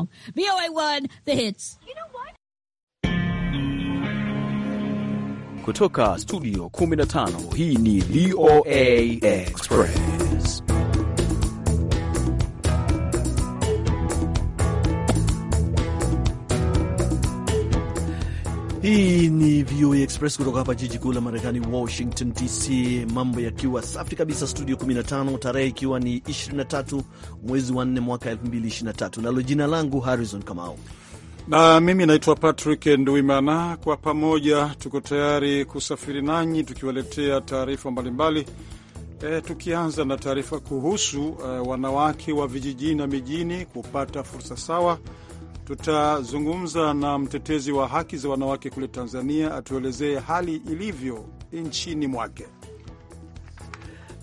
song. voa One, the hits. You know what? Kutoka studio 15, hii ni VOA Express. Hii ni VOA Express kutoka hapa jiji kuu la Marekani, Washington DC, mambo yakiwa safi kabisa studio 15, tarehe ikiwa ni 23 mwezi wa 4 mwaka 2023, nalo jina langu Harrison Kamau na mimi naitwa Patrick Nduimana. Kwa pamoja tuko tayari kusafiri nanyi tukiwaletea taarifa mbalimbali. E, tukianza na taarifa kuhusu e, wanawake wa vijijini na mijini kupata fursa sawa Tutazungumza na mtetezi wa haki za wanawake kule Tanzania, atuelezee hali ilivyo nchini mwake.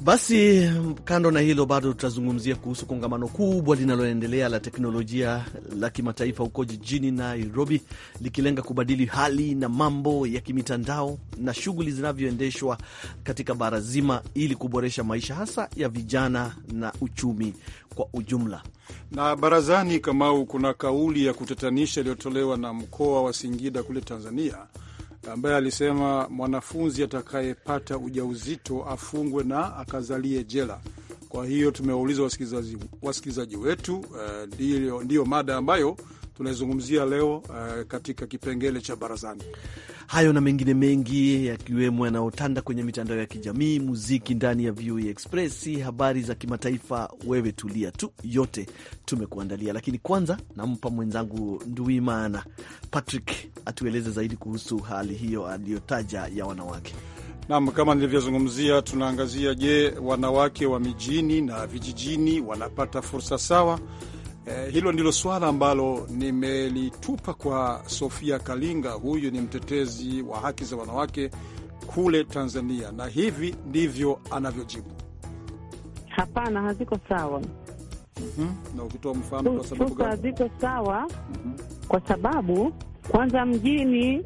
Basi kando na hilo, bado tutazungumzia kuhusu kongamano kubwa linaloendelea la teknolojia la kimataifa huko jijini Nairobi, likilenga kubadili hali na mambo ya kimitandao na shughuli zinavyoendeshwa katika bara zima, ili kuboresha maisha hasa ya vijana na uchumi kwa ujumla. Na barazani, Kamau, kuna kauli ya kutatanisha iliyotolewa na mkoa wa Singida kule Tanzania ambaye alisema mwanafunzi atakayepata ujauzito afungwe na akazalie jela. Kwa hiyo tumewauliza wasikilizaji wetu uh, eh, ndiyo mada ambayo tunaizungumzia leo uh, katika kipengele cha barazani. Hayo na mengine mengi yakiwemo yanayotanda kwenye mitandao ya kijamii, muziki ndani ya VOA Express, habari za kimataifa. Wewe tulia tu, yote tumekuandalia, lakini kwanza nampa mwenzangu Nduimana Patrick atueleze zaidi kuhusu hali hiyo aliyotaja ya wanawake. Nam, kama nilivyozungumzia, tunaangazia je, wanawake wa mijini na vijijini wanapata fursa sawa Eh, hilo ndilo swala ambalo nimelitupa kwa Sofia Kalinga. Huyu ni mtetezi wa haki za wanawake kule Tanzania, na hivi ndivyo anavyojibu: hapana, haziko sawa. mm -hmm. Na ukitoa mfano kwa sababu gani haziko sawa? mm -hmm. Kwa sababu kwanza, mjini,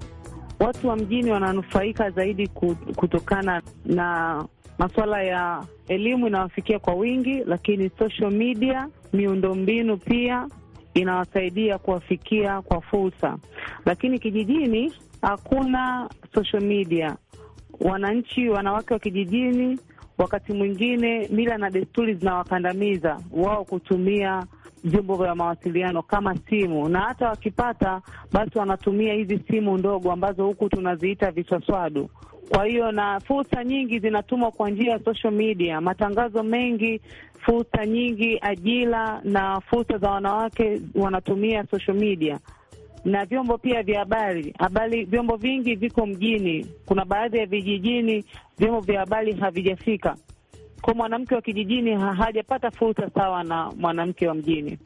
watu wa mjini wananufaika zaidi kutokana na masuala ya elimu inawafikia kwa wingi, lakini social media, miundombinu pia inawasaidia kuwafikia kwa fursa. Lakini kijijini hakuna social media. Wananchi, wanawake wa kijijini, wakati mwingine mila na desturi zinawakandamiza wao kutumia vyombo vya mawasiliano kama simu, na hata wakipata basi wanatumia hizi simu ndogo ambazo huku tunaziita viswaswadu. Kwa hiyo na fursa nyingi zinatumwa kwa njia ya social media, matangazo mengi, fursa nyingi, ajira na fursa za wanawake wanatumia social media na vyombo pia vya habari habari, vyombo vingi viko mjini, kuna baadhi ya vijijini vyombo vya habari havijafika kwa mwanamke wa kijijini hajapata fursa sawa na mwanamke wa mjini.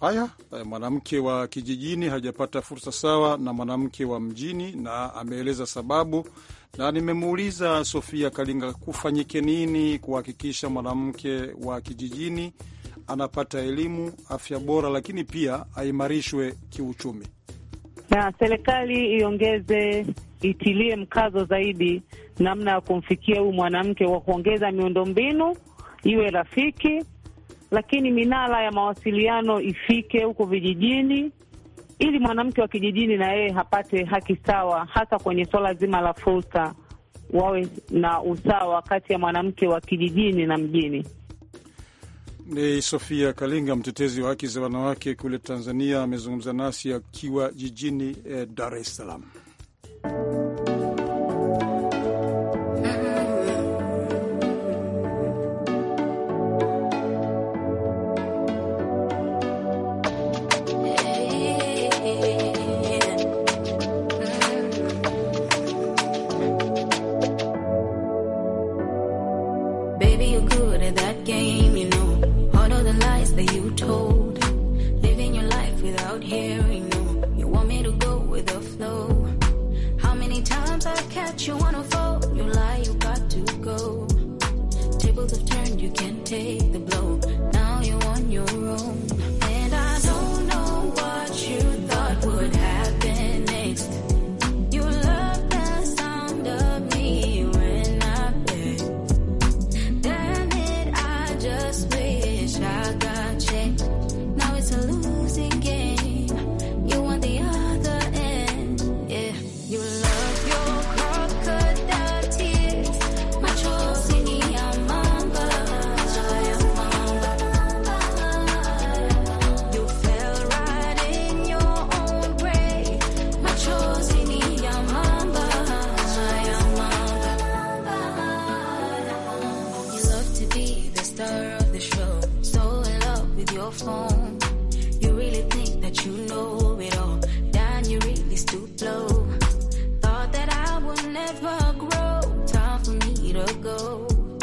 Haya, eh, mwanamke wa kijijini hajapata fursa sawa na mwanamke wa mjini, na ameeleza sababu, na nimemuuliza Sofia Kalinga kufanyike nini kuhakikisha mwanamke wa kijijini anapata elimu, afya bora, lakini pia aimarishwe kiuchumi na serikali iongeze, itilie mkazo zaidi namna ya kumfikia huyu mwanamke wa kuongeza miundombinu iwe rafiki, lakini minara ya mawasiliano ifike huko vijijini, ili mwanamke wa kijijini na yeye hapate haki sawa, hasa kwenye swala zima la fursa, wawe na usawa kati ya mwanamke wa kijijini na mjini. Ni Sofia Kalinga, mtetezi wa haki za wanawake kule Tanzania, amezungumza nasi akiwa jijini eh, Dar es Salaam. your own. to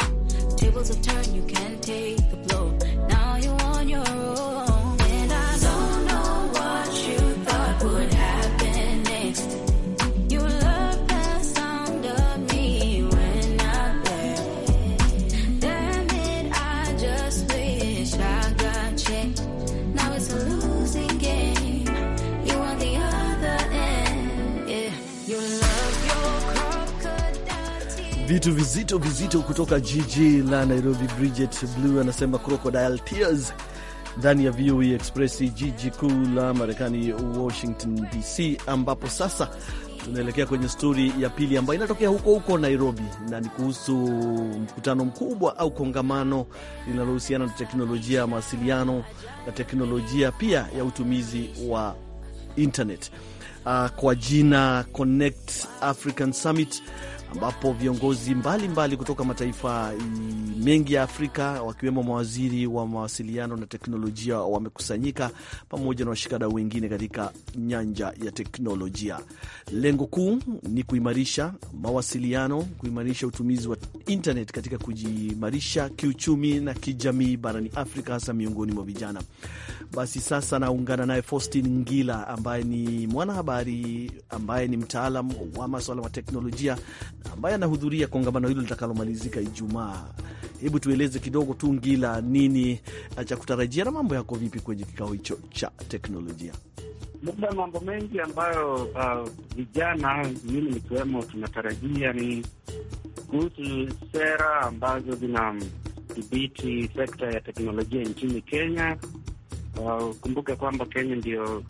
Tables have turned, you can't take. vitu vizito vizito kutoka jiji la Nairobi. Bridget Blue anasema crocodile tears ndani ya VOA e Express, jiji kuu la Marekani, Washington DC, ambapo sasa tunaelekea kwenye stori ya pili ambayo inatokea huko huko Nairobi, na ni kuhusu mkutano mkubwa au kongamano linalohusiana na teknolojia ya mawasiliano na teknolojia pia ya utumizi wa internet, uh, kwa jina Connect African Summit ambapo viongozi mbalimbali mbali kutoka mataifa mengi ya Afrika wakiwemo mawaziri wa mawasiliano na teknolojia wamekusanyika pamoja na washikadau wengine katika nyanja ya teknolojia. Lengo kuu ni kuimarisha mawasiliano, kuimarisha utumizi wa internet katika kujiimarisha kiuchumi na kijamii barani Afrika, hasa miongoni mwa vijana. Basi sasa naungana naye Faustin Ngila ambaye ni mwanahabari ambaye ni mtaalam wa maswala wa teknolojia ambaye anahudhuria kongamano hilo litakalomalizika Ijumaa. Hebu tueleze kidogo tu, Ngila, nini eh, cha kutarajia na mambo yako vipi kwenye kikao hicho cha teknolojia? Labda mambo mengi ambayo uh, vijana uh, mimi nikiwemo tunatarajia ni kuhusu sera ambazo zinadhibiti sekta ya teknolojia nchini Kenya. Uh, kumbuke kwamba Kenya ndio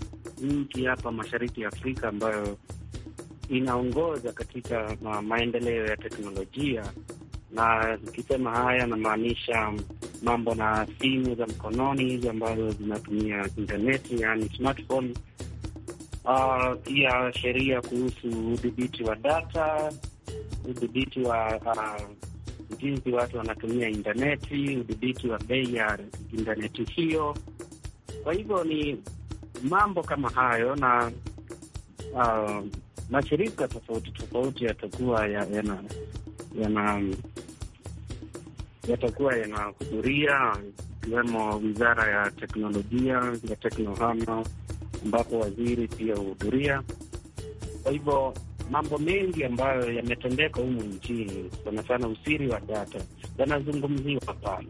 nchi hapa mashariki ya Afrika ambayo inaongoza katika maendeleo ya teknolojia, na nikisema haya namaanisha mambo na simu za mkononi hizi ambazo zinatumia intaneti, yaani smartphone. Ah, pia sheria kuhusu udhibiti wa data, udhibiti wa uh, jinsi watu wanatumia intaneti, udhibiti wa bei ya intaneti hiyo. Kwa hivyo ni mambo kama hayo na uh, mashirika tofauti tofauti yatakuwa yana yana yatakuwa yanahudhuria ikiwemo wizara ya teknolojia ya teknohama ambapo waziri pia huhudhuria. Kwa hivyo mambo mengi ambayo yametendeka humu nchini, sana sana usiri wa data yanazungumziwa pale,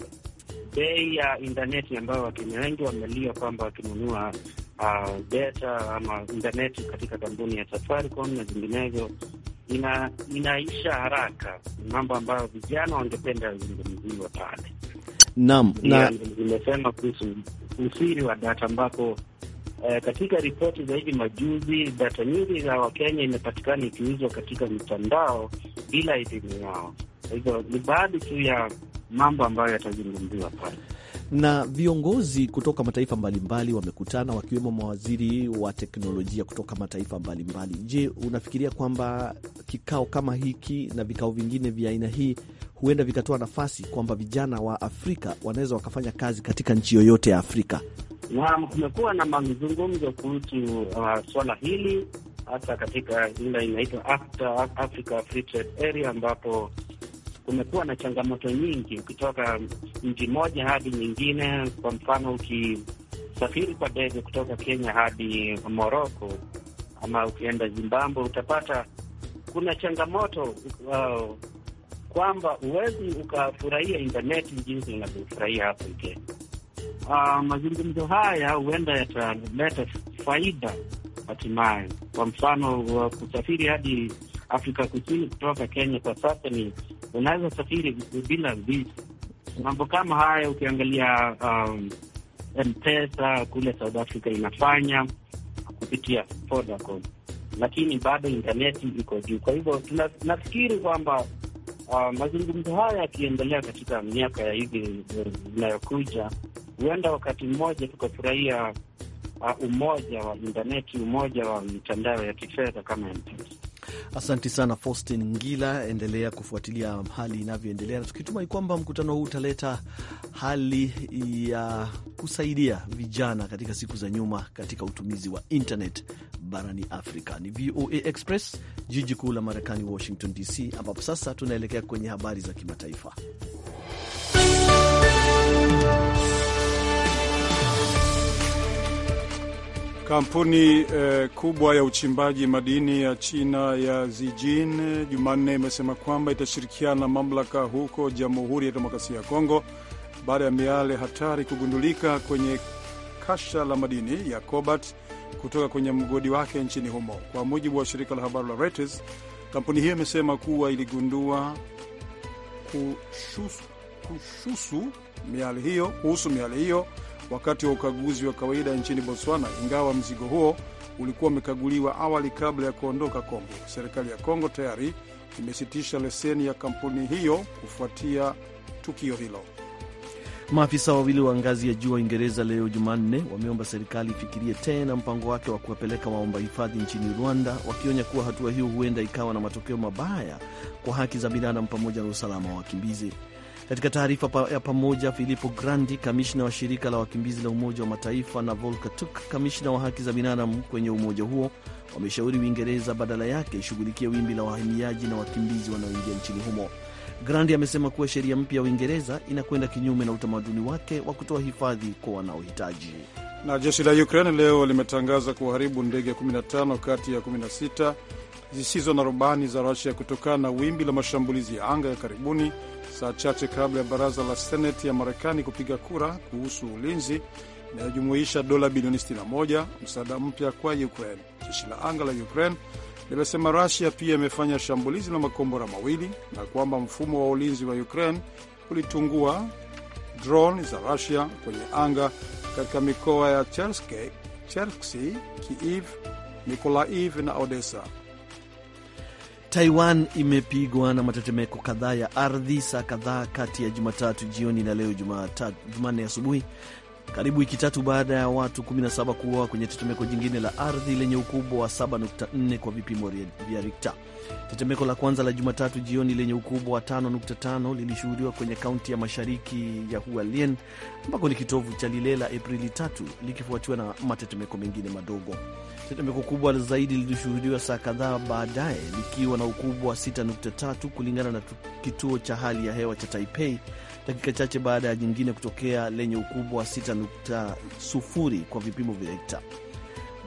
bei ya intaneti ambayo Wakenya wengi wamelia kwamba wakinunua uh, data ama intaneti katika kampuni ya Safaricom na zinginezo ina, inaisha haraka, mambo ambayo vijana wangependa zungumziwa pale. Naam, na nimesema kuhusu usiri wa data ambapo Uh, katika ripoti za hivi majuzi data nyingi za Wakenya imepatikana ikiuzwa katika mitandao bila idhini yao. Kwa hivyo ni baadhi tu ya mambo ambayo yatazungumziwa pale na viongozi kutoka mataifa mbalimbali wamekutana wakiwemo mawaziri wa teknolojia kutoka mataifa mbalimbali. Je, unafikiria kwamba kikao kama hiki na vikao vingine vya aina hii huenda vikatoa nafasi kwamba vijana wa Afrika wanaweza wakafanya kazi katika nchi yoyote ya Afrika? Naam, kumekuwa na mazungumzo kuhusu uh, swala hili hasa katika ile inaitwa Africa Free Trade Area ambapo kumekuwa na changamoto nyingi ukitoka nchi moja hadi nyingine. Kwa mfano, ukisafiri kwa ndege kutoka Kenya hadi Moroko ama ukienda Zimbabwe, utapata kuna changamoto uh, kwamba huwezi ukafurahia intaneti jinsi unavyofurahia hapo Kenya. Uh, mazungumzo haya huenda yataleta faida hatimaye. Kwa mfano, uh, kusafiri hadi Afrika Kusini kutoka Kenya kwa sasa ni unaweza safiri bila visa. Mambo kama haya ukiangalia um, Mpesa kule South Africa inafanya kupitia Vodacom, lakini bado intaneti iko juu. Kwa hivyo nafikiri kwamba uh, mazungumzo haya yakiendelea katika miaka ya hivi uh, inayokuja huenda wakati mmoja tukafurahia uh, umoja wa intaneti, umoja wa mitandao ya kifedha kama Mpesa asanti sana Faustin Ngila, endelea kufuatilia hali inavyoendelea, na tukitumai kwamba mkutano huu utaleta hali ya kusaidia vijana katika siku za nyuma katika utumizi wa internet barani Afrika. Ni VOA Express, jiji kuu la Marekani, Washington DC, ambapo sasa tunaelekea kwenye habari za kimataifa. Kampuni eh, kubwa ya uchimbaji madini ya China ya Zijin eh, Jumanne imesema kwamba itashirikiana na mamlaka huko Jamhuri ya Demokrasia ya Kongo baada ya miale hatari kugundulika kwenye kasha la madini ya cobalt kutoka kwenye mgodi wake nchini humo. Kwa mujibu wa shirika la habari la Reuters, kampuni hiyo imesema kuwa iligundua kushusu, kushusu miale hiyo kuhusu miale hiyo wakati wa ukaguzi wa kawaida nchini Botswana, ingawa mzigo huo ulikuwa umekaguliwa awali kabla ya kuondoka Kongo. Serikali ya Kongo tayari imesitisha leseni ya kampuni hiyo kufuatia tukio hilo. Maafisa wawili wa ngazi ya juu wa Uingereza leo Jumanne wameomba serikali ifikirie tena mpango wake wa kuwapeleka waomba hifadhi nchini Rwanda, wakionya kuwa hatua hiyo huenda ikawa na matokeo mabaya kwa haki za binadamu pamoja na usalama wa wakimbizi. Katika taarifa pa, ya pamoja, Filippo Grandi, kamishna wa shirika la wakimbizi la Umoja wa Mataifa, na Volker Turk, kamishna wa haki za binadamu kwenye umoja huo, wameshauri Uingereza badala yake ishughulikie wimbi la wahamiaji na wakimbizi wanaoingia nchini humo. Grandi amesema kuwa sheria mpya ya Uingereza inakwenda kinyume na utamaduni wake wa kutoa hifadhi kwa wanaohitaji. Na jeshi la Ukraine leo limetangaza kuharibu ndege 15 kati ya 16 zisizo na rubani za Rusia kutokana na wimbi la mashambulizi ya anga ya karibuni saa chache kabla ya baraza la Seneti ya Marekani kupiga kura kuhusu ulinzi inayojumuisha dola bilioni 61 msaada mpya kwa Ukraine. Jeshi la anga la Ukraine limesema Rasia pia imefanya shambulizi la makombora mawili na kwamba mfumo wa ulinzi wa Ukraine ulitungua drone za Rasia kwenye anga katika mikoa ya Cherski, Kiev, Mikolaiv na Odessa. Taiwan imepigwa na matetemeko kadhaa ya ardhi saa kadhaa kati ya Jumatatu jioni na leo Jumanne asubuhi karibu wiki tatu baada ya watu 17 kuuawa kwenye tetemeko jingine la ardhi lenye ukubwa wa 7.4 kwa vipimo vya Richter. Tetemeko la kwanza la Jumatatu jioni lenye ukubwa wa 5.5 lilishuhudiwa kwenye kaunti ya mashariki ya Hualien ambako ni kitovu cha lile la Aprili 3 likifuatiwa na matetemeko mengine madogo. Tetemeko kubwa zaidi lilishuhudiwa saa kadhaa baadaye likiwa na ukubwa wa 6.3 kulingana na kituo cha hali ya hewa cha Taipei, dakika chache baada ya jingine kutokea lenye ukubwa wa 7.0 kwa vipimo vya Richter.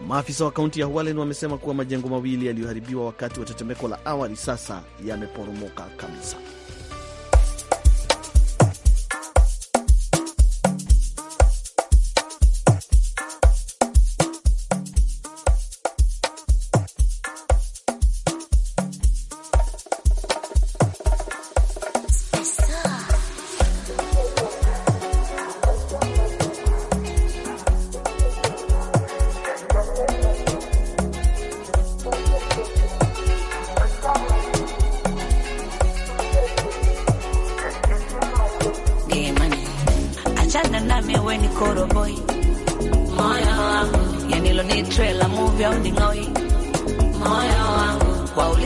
Maafisa wa kaunti ya Hualen wamesema kuwa majengo mawili yaliyoharibiwa wakati wa tetemeko la awali sasa yameporomoka kabisa.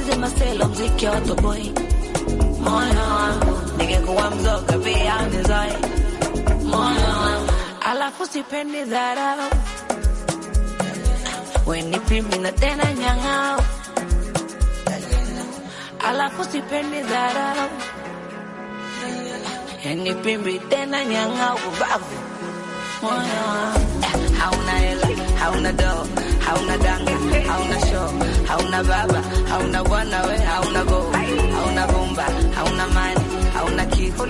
nijaze maselo mziki wa toboi, moyo wangu ningekuwa mzoga pia nizae moyo wangu, alafu sipendi dharau, wenipimi na tena nyang'ao, alafu sipendi dharau, wenipimi tena nyang'ao, babu moyo wangu hauna hela hauna dola hauna danga, hauna sho, hauna baba, hauna bwana, we hauna go, hauna bomba, hauna mani, hauna kitu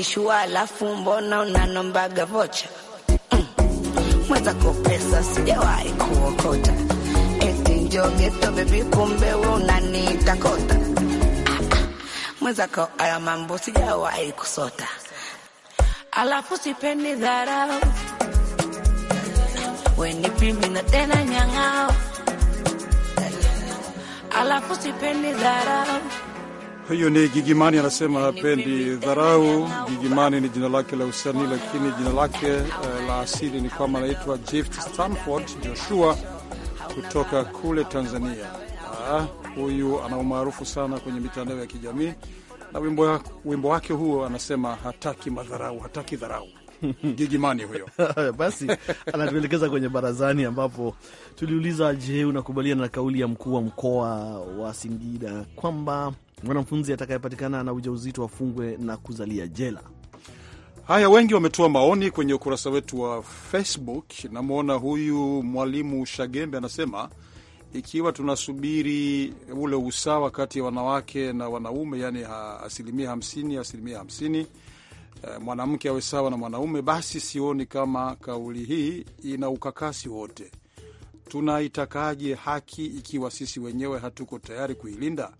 kishua, alafu mbona unanombaga vocha mm. mweza kopesa sijawahi kuokota eti njogeto bebi, kumbe we unanitakota ah, mweza ko aya mambo sijawahi kusota, alafu sipendi dharau weni pimbi na tena nyang'ao, alafu sipendi dharau Huyu ni Gigimani anasema hapendi dharau. Gigimani ni jina lake la usanii, lakini jina lake uh, la asili ni kwamba anaitwa Gift Stanford Joshua kutoka kule Tanzania. Ah, huyu uh, ana umaarufu sana kwenye mitandao ya kijamii na wimbo, wimbo wake huo anasema hataki madharau, hataki dharau. Gigimani huyo. Basi anatuelekeza kwenye barazani, ambapo tuliuliza, je, unakubaliana na kauli ya mkuu wa mkoa wa Singida kwamba mwanafunzi atakayepatikana na ujauzito afungwe na kuzalia jela? Haya, wengi wametoa maoni kwenye ukurasa wetu wa Facebook. Namwona huyu mwalimu Shagembe anasema ikiwa tunasubiri ule usawa kati ya wanawake na wanaume, yani asilimia hamsini asilimia hamsini Eh, mwanamke awe sawa na mwanaume, basi sioni kama kauli hii ina ukakasi wote. Tunaitakaje haki ikiwa sisi wenyewe hatuko tayari kuilinda?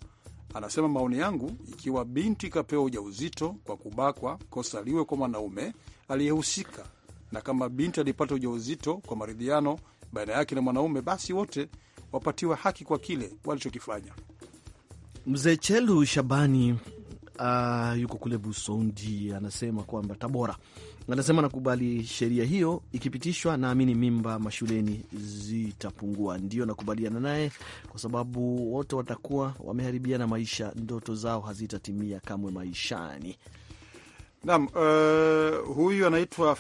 Anasema, maoni yangu, ikiwa binti kapewa ujauzito kwa kubakwa, kosa liwe kwa mwanaume aliyehusika, na kama binti alipata ujauzito kwa maridhiano baina yake na mwanaume, basi wote wapatiwe haki kwa kile walichokifanya. Mzee Chelu Shabani uh, yuko kule Busondi, anasema kwamba Tabora, anasema nakubali sheria hiyo ikipitishwa, naamini mimba mashuleni zitapungua. Ndio nakubaliana naye kwa sababu wote watakuwa wameharibiana maisha, ndoto zao hazitatimia kamwe maishani. Naam, uh, huyu anaitwa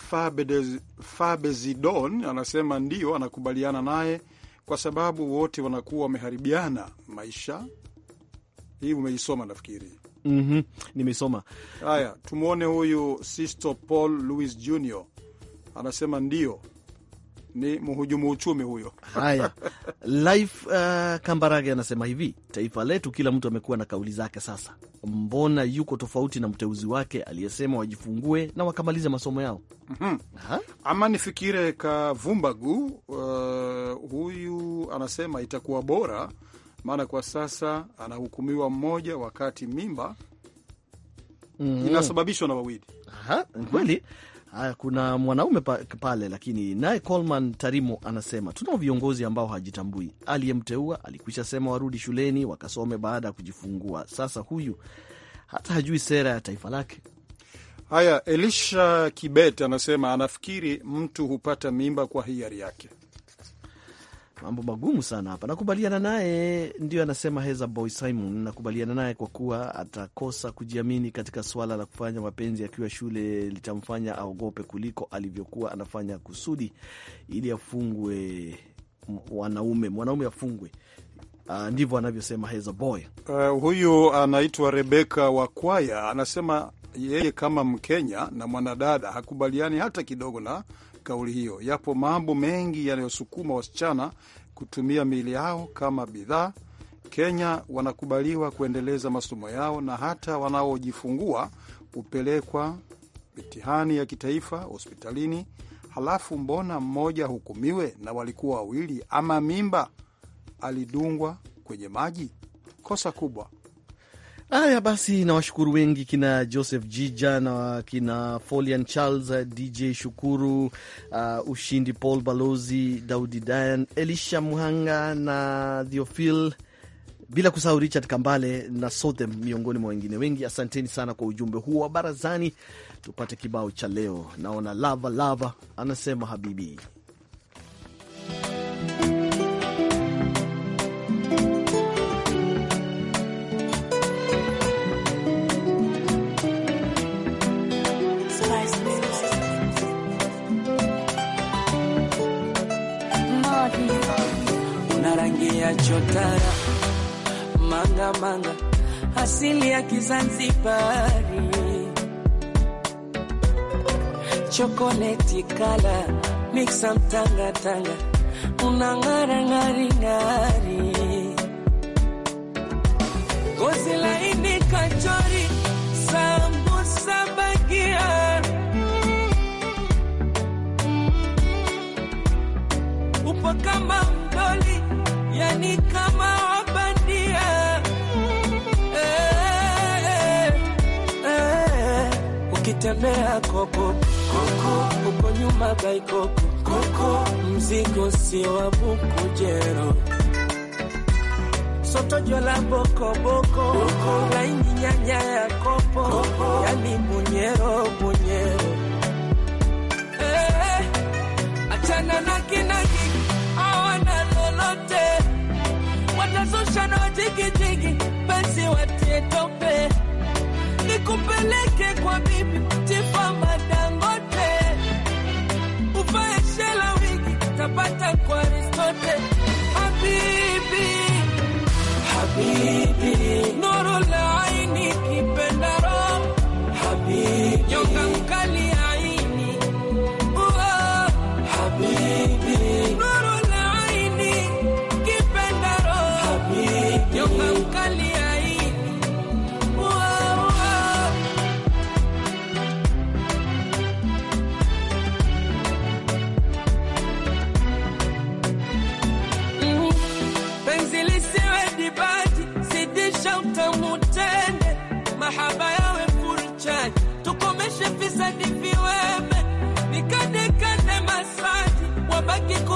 Fabezidon anasema ndio, anakubaliana naye kwa sababu wote wanakuwa wameharibiana maisha. Hii umeisoma nafikiri mm -hmm. Nimesoma haya. Tumwone huyu Sisto Paul Louis Jr anasema ndio ni mhujumu uchumi huyo. Haya, Life uh, Kambarage anasema hivi, taifa letu kila mtu amekuwa na kauli zake. Sasa mbona yuko tofauti na mteuzi wake aliyesema wajifungue na wakamalize masomo yao? mm -hmm. Ama nifikire Kavumbagu, uh, huyu anasema itakuwa bora maana kwa sasa anahukumiwa mmoja, wakati mimba mm -hmm. inasababishwa na wawili. Aha, kweli Haya, kuna mwanaume pa, pale lakini naye Coleman Tarimo anasema tunao viongozi ambao hajitambui. Aliyemteua alikwisha sema warudi shuleni wakasome baada ya kujifungua. Sasa huyu hata hajui sera ya taifa lake. Haya, Elisha Kibet anasema anafikiri mtu hupata mimba kwa hiari yake mambo magumu sana hapa. Nakubaliana naye, ndio anasema Heza Boy Simon. Nakubaliana naye kwa kuwa atakosa kujiamini katika swala la kufanya mapenzi akiwa shule, litamfanya aogope kuliko alivyokuwa anafanya kusudi, ili afungwe wanaume, mwanaume afungwe. Uh, ndivyo anavyosema Heza Boy. Uh, huyu anaitwa Rebeka Wakwaya, anasema yeye kama Mkenya na mwanadada hakubaliani hata kidogo na kauli hiyo. Yapo mambo mengi yanayosukuma wasichana kutumia miili yao kama bidhaa. Kenya wanakubaliwa kuendeleza masomo yao na hata wanaojifungua hupelekwa mitihani ya kitaifa hospitalini. Halafu mbona mmoja hukumiwe na walikuwa wawili? Ama mimba alidungwa kwenye maji? Kosa kubwa Haya basi, na washukuru wengi kina Joseph Jija na kina Folian Charles, DJ Shukuru, uh, Ushindi Paul, Balozi Daudi, dian Elisha Muhanga na Theophil bila kusahau Richard Kambale na Sothem, miongoni mwa wengine wengi. Asanteni sana kwa ujumbe huo wa barazani. Tupate kibao cha leo. Naona lava lava anasema habibi kinachotara manga manga, asili ya Kizanzibari, chokoleti kala mixa mtangatanga, unang'ara ng'aring'ari, ngozi laini kachori ni kama wabandia eh, eh, eh, ukitembea koko koko uko nyuma baikoko koko mzigo sio wa soto jola bokoboko laini nyanya ya kopo koko. Yani bunyero eh, eh. achana na awana lolote Nazusha na jigijigi basi watie nikupeleke kwa bibi Tifa Madangote, uvae shela wigi tapata kwa Aristote. Habibi habibi nuru laini kipenda roho habibi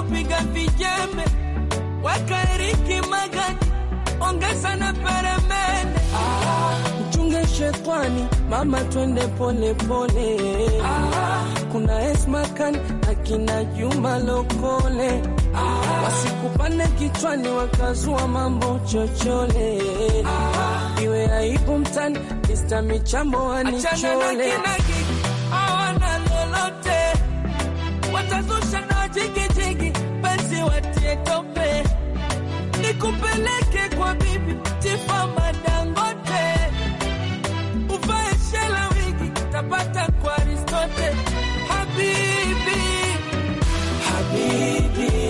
kupiga vijembe, weka eriki magadi, ongeza na peremende. Ah, mchunge shetwani mama, twende polepole. Ah, kuna esmakan akina Juma Lokole. Ah, wasikupane kichwani wakazua mambo chochole. Ah, iwe aibu mtani, Mr. Michambo anichole. nikupeleke kwa bibi Tifa Madangote, uvae shela tapata kwa Aristote. Habibi, habibi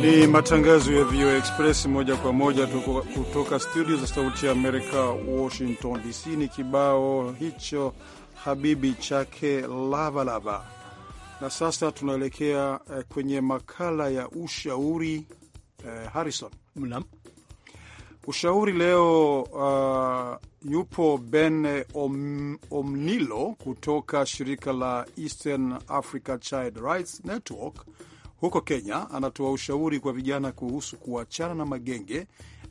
Ni matangazo ya VOA Express moja kwa moja kutoka studio za Sauti ya Amerika, Washington DC. Ni kibao hicho habibi chake Lavalava. Na sasa tunaelekea eh, kwenye makala ya ushauri eh, Harrison Mnam. Ushauri leo uh, yupo Ben Om, Omnilo kutoka shirika la Eastern Africa Child Rights Network huko Kenya. Anatoa ushauri kwa vijana kuhusu kuachana na magenge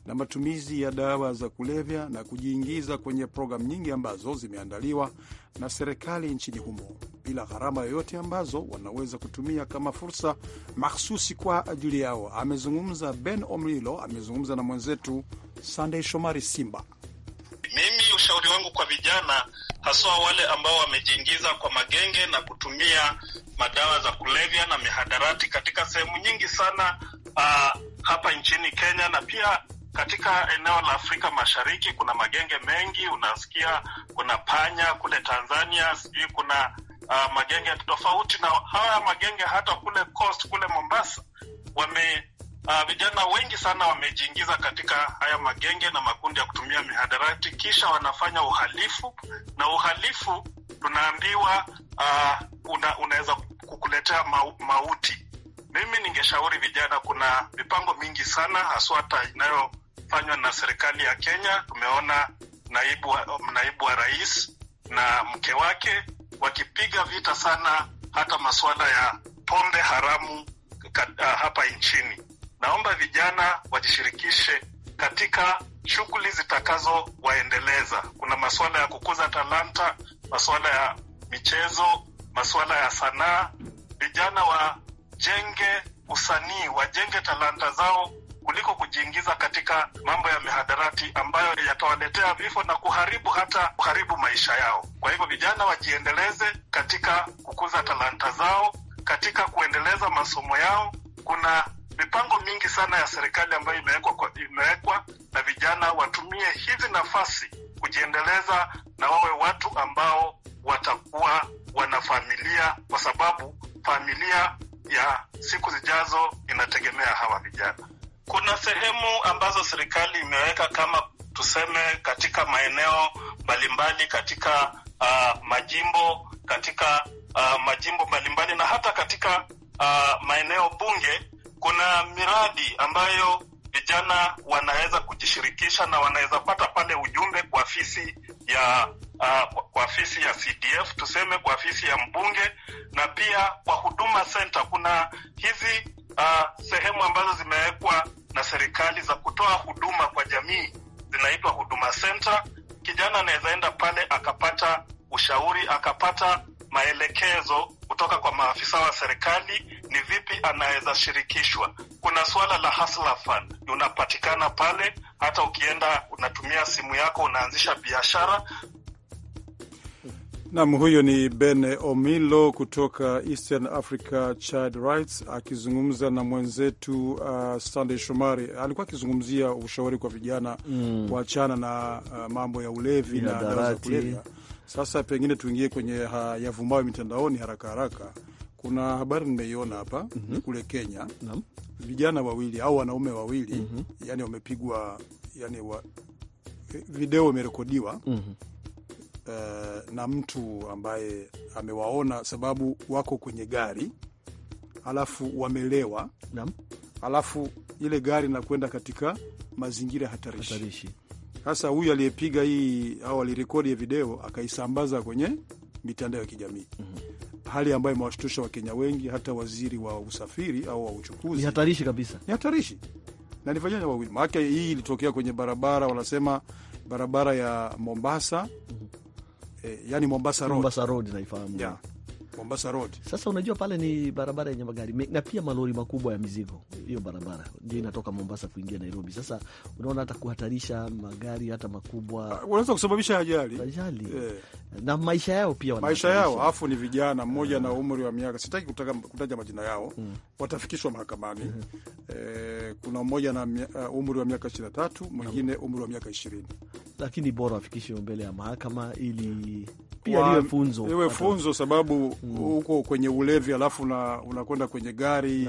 na matumizi ya dawa za kulevya na kujiingiza kwenye programu nyingi ambazo zimeandaliwa na serikali nchini humo bila gharama yoyote ambazo wanaweza kutumia kama fursa mahsusi kwa ajili yao. Amezungumza Ben Omlilo, amezungumza na mwenzetu sandey Shomari Simba. Mimi ushauri wangu kwa vijana, haswa wale ambao wamejiingiza kwa magenge na kutumia madawa za kulevya na mihadarati katika sehemu nyingi sana, uh, hapa nchini Kenya na pia katika eneo la Afrika Mashariki kuna magenge mengi, unasikia kuna panya kule Tanzania, sijui kuna uh, magenge tofauti, na haya magenge hata kule Coast kule Mombasa wame Uh, vijana wengi sana wamejiingiza katika haya magenge na makundi ya kutumia mihadarati, kisha wanafanya uhalifu, na uhalifu tunaambiwa uh, una, unaweza kukuletea mau, mauti. Mimi ningeshauri vijana, kuna mipango mingi sana haswa hata inayo fanywa na serikali ya Kenya. Tumeona naibu wa, naibu wa rais na mke wake wakipiga vita sana hata masuala ya pombe haramu ah, hapa nchini. Naomba vijana wajishirikishe katika shughuli zitakazowaendeleza. Kuna masuala ya kukuza talanta, masuala ya michezo, masuala ya sanaa. Vijana wajenge usanii, wajenge talanta zao kuliko kujiingiza katika mambo ya mihadarati ambayo yatawaletea vifo na kuharibu hata kuharibu maisha yao. Kwa hivyo vijana wajiendeleze katika kukuza talanta zao, katika kuendeleza masomo yao. Kuna mipango mingi sana ya serikali ambayo imewekwa imewekwa, na vijana watumie hizi nafasi kujiendeleza na wawe watu ambao watakuwa wana familia, kwa sababu familia ya siku zijazo inategemea hawa vijana. Kuna sehemu ambazo serikali imeweka kama tuseme, katika maeneo mbalimbali katika uh, majimbo katika uh, majimbo mbalimbali na hata katika uh, maeneo bunge, kuna miradi ambayo vijana wanaweza kujishirikisha na wanaweza pata pale ujumbe kwa afisi ya uh, kwa afisi ya CDF tuseme, kwa afisi ya mbunge na pia kwa huduma center. Kuna hizi uh, sehemu ambazo zimewekwa na serikali za kutoa huduma kwa jamii zinaitwa huduma center. Kijana anaweza enda pale akapata ushauri, akapata maelekezo kutoka kwa maafisa wa serikali, ni vipi anaweza shirikishwa. Kuna suala la hustler fund, unapatikana pale. Hata ukienda unatumia simu yako, unaanzisha biashara, Nam, huyo ni ben Omilo kutoka Eastern Africa Child Rights akizungumza na mwenzetu uh, Sunday Shomari. Alikuwa akizungumzia ushauri kwa vijana mm, kuachana na uh, mambo ya ulevi na dawa za kulevya. Sasa pengine tuingie kwenye yavumayo mitandaoni haraka haraka. Kuna habari nimeiona hapa mm -hmm. kule Kenya Nam. vijana wawili au wanaume wawili mm -hmm. yani wamepigwa yani wa, video imerekodiwa mm -hmm uh, na mtu ambaye amewaona, sababu wako kwenye gari alafu wamelewa Nam. alafu ile gari nakwenda katika mazingira hatarishi, Sasa huyu aliyepiga hii au alirekodi ya video akaisambaza kwenye mitandao ya kijamii mm -hmm. hali ambayo imewashtusha Wakenya wengi, hata waziri wa usafiri au wa uchukuzi. Ni hatarishi kabisa, ni hatarishi na nifanyanya wawili maake, hii ilitokea kwenye barabara, wanasema barabara ya Mombasa mm -hmm eh, yani Mombasa Road. Mombasa Road naifahamu. Yeah. Mombasa Road. Sasa unajua pale ni barabara yenye magari na pia malori makubwa ya mizigo. Hiyo barabara ndio inatoka Mombasa kuingia Nairobi. Sasa unaona hata kuhatarisha magari hata makubwa, unaweza ah, kusababisha ajali ajali, yeah. na maisha yao pia maisha yao, afu ni vijana mmoja yeah. na umri wa miaka sitaki kutaka, kutaja majina yao mm. watafikishwa mahakamani uh, kuna mmoja na uh, umri wa miaka ishirini na tatu mwingine umri wa miaka ishirini lakini bora wafikishwe mbele ya mahakama ili pia liwe funzo, liwe funzo sababu mm. huko mm. kwenye ulevi alafu unakwenda kwenye gari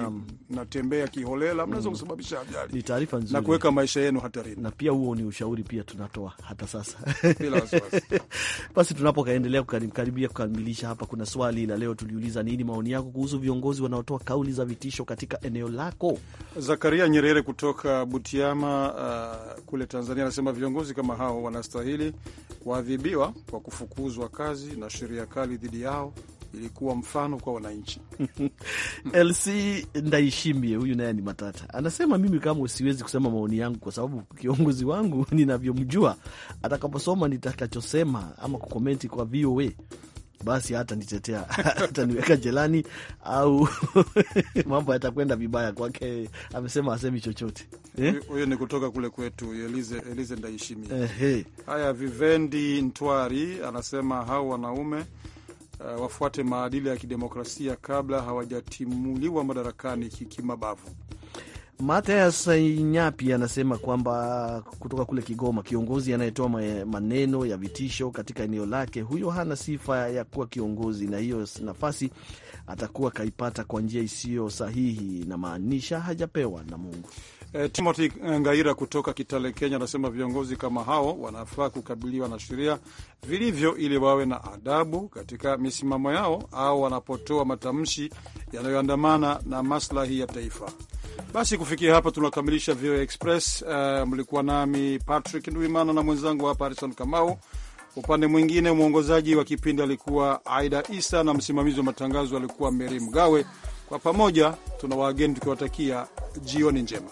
natembea kiholela, mnaweza mm. kusababisha ajali. Ni taarifa nzuri na kuweka maisha yenu hatarini, na pia huo ni ushauri pia tunatoa hata sasa bila wasiwasi. Basi tunapokaendelea kukaribia kukamilisha hapa, kuna swali la leo tuliuliza, nini maoni yako kuhusu viongozi wanaotoa kauli za vitisho katika eneo lako? Zakaria Nyerere kutoka Butiama uh, kule Tanzania anasema viongozi kama hao wanastahili kuadhibiwa kwa kufukuzwa kazi na sheria kali dhidi yao ilikuwa mfano kwa wananchi. LC Ndaishimie, huyu naye ni matata, anasema mimi kama siwezi kusema maoni yangu kwa sababu kiongozi wangu ninavyomjua, atakaposoma nitakachosema ama kukomenti kwa VOA basi hata nitetea hata niweka jelani au mambo yatakwenda vibaya kwake. Amesema asemi chochote eh? huyo eh? Ni kutoka kule kwetu Elize, Elize Ndaishimia eh, hey. Haya, Vivendi Ntwari anasema hao wanaume uh, wafuate maadili ya kidemokrasia kabla hawajatimuliwa madarakani kikimabavu. Mathias Nyapi anasema kwamba kutoka kule Kigoma, kiongozi anayetoa maneno ya vitisho katika eneo lake, huyo hana sifa ya kuwa kiongozi, na hiyo nafasi atakuwa kaipata kwa njia isiyo sahihi, na maanisha hajapewa na Mungu. E, Timothy Ngaira kutoka Kitale, Kenya, anasema viongozi kama hao wanafaa kukabiliwa na sheria vilivyo, ili wawe na adabu katika misimamo yao au wanapotoa matamshi yanayoandamana na maslahi ya taifa. Basi kufikia hapa tunakamilisha VOA Express. Uh, mlikuwa nami Patrick Ndwimana na mwenzangu hapa Harison Kamau. Upande mwingine mwongozaji wa kipindi alikuwa Aida Isa na msimamizi wa matangazo alikuwa Meri Mgawe. Kwa pamoja tuna wageni tukiwatakia jioni njema.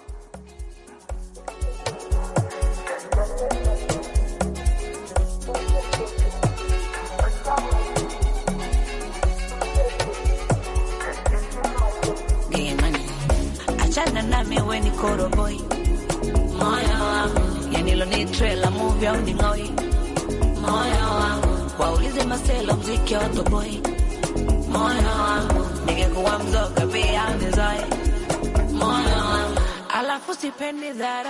koroboi moyo wangu, yanilo ni trela movie au ni ngoi moyo wangu, waulize maselo mziki wa toboi moyo wangu, ningekuwa mzoga pia nizoe moyo wangu, alafu sipendi dhara